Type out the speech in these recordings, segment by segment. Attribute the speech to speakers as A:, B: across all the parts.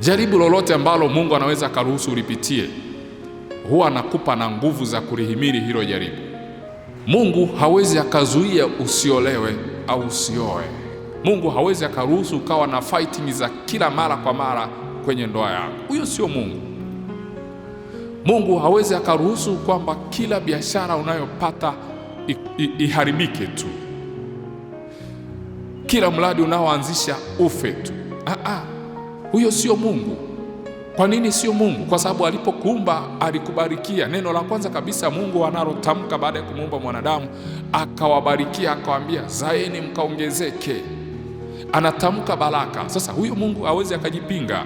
A: Jaribu lolote ambalo Mungu anaweza akaruhusu ulipitie, huwa anakupa na nguvu za kulihimili hilo jaribu. Mungu hawezi akazuia usiolewe au usioe. Mungu hawezi akaruhusu ukawa na fighting za kila mara kwa mara kwenye ndoa yako, huyo sio Mungu. Mungu hawezi akaruhusu kwamba kila biashara unayopata iharibike tu, kila mradi unaoanzisha ufe tu. ah. ah. Huyo sio Mungu. Kwa nini sio Mungu? Kwa sababu alipokuumba alikubarikia. Neno la kwanza kabisa Mungu analotamka baada ya kumuumba mwanadamu, akawabarikia, akawaambia zaeni mkaongezeke. Anatamka baraka. Sasa huyo Mungu hawezi akajipinga,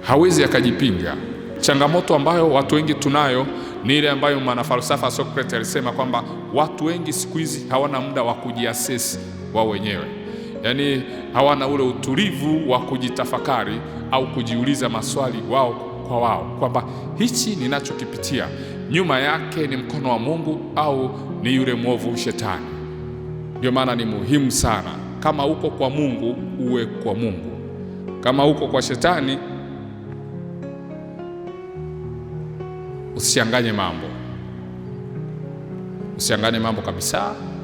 A: hawezi akajipinga. Changamoto ambayo watu wengi tunayo ni ile ambayo mwanafalsafa Socrates alisema kwamba watu wengi siku hizi hawana muda wa kujiasesi wao wenyewe yaani hawana ule utulivu wa kujitafakari au kujiuliza maswali wao kwa wao kwamba hichi ninachokipitia nyuma yake ni mkono wa Mungu au ni yule mwovu shetani. Ndio maana ni muhimu sana, kama uko kwa Mungu uwe kwa Mungu, kama uko kwa shetani usichanganye mambo, usichanganye mambo kabisa.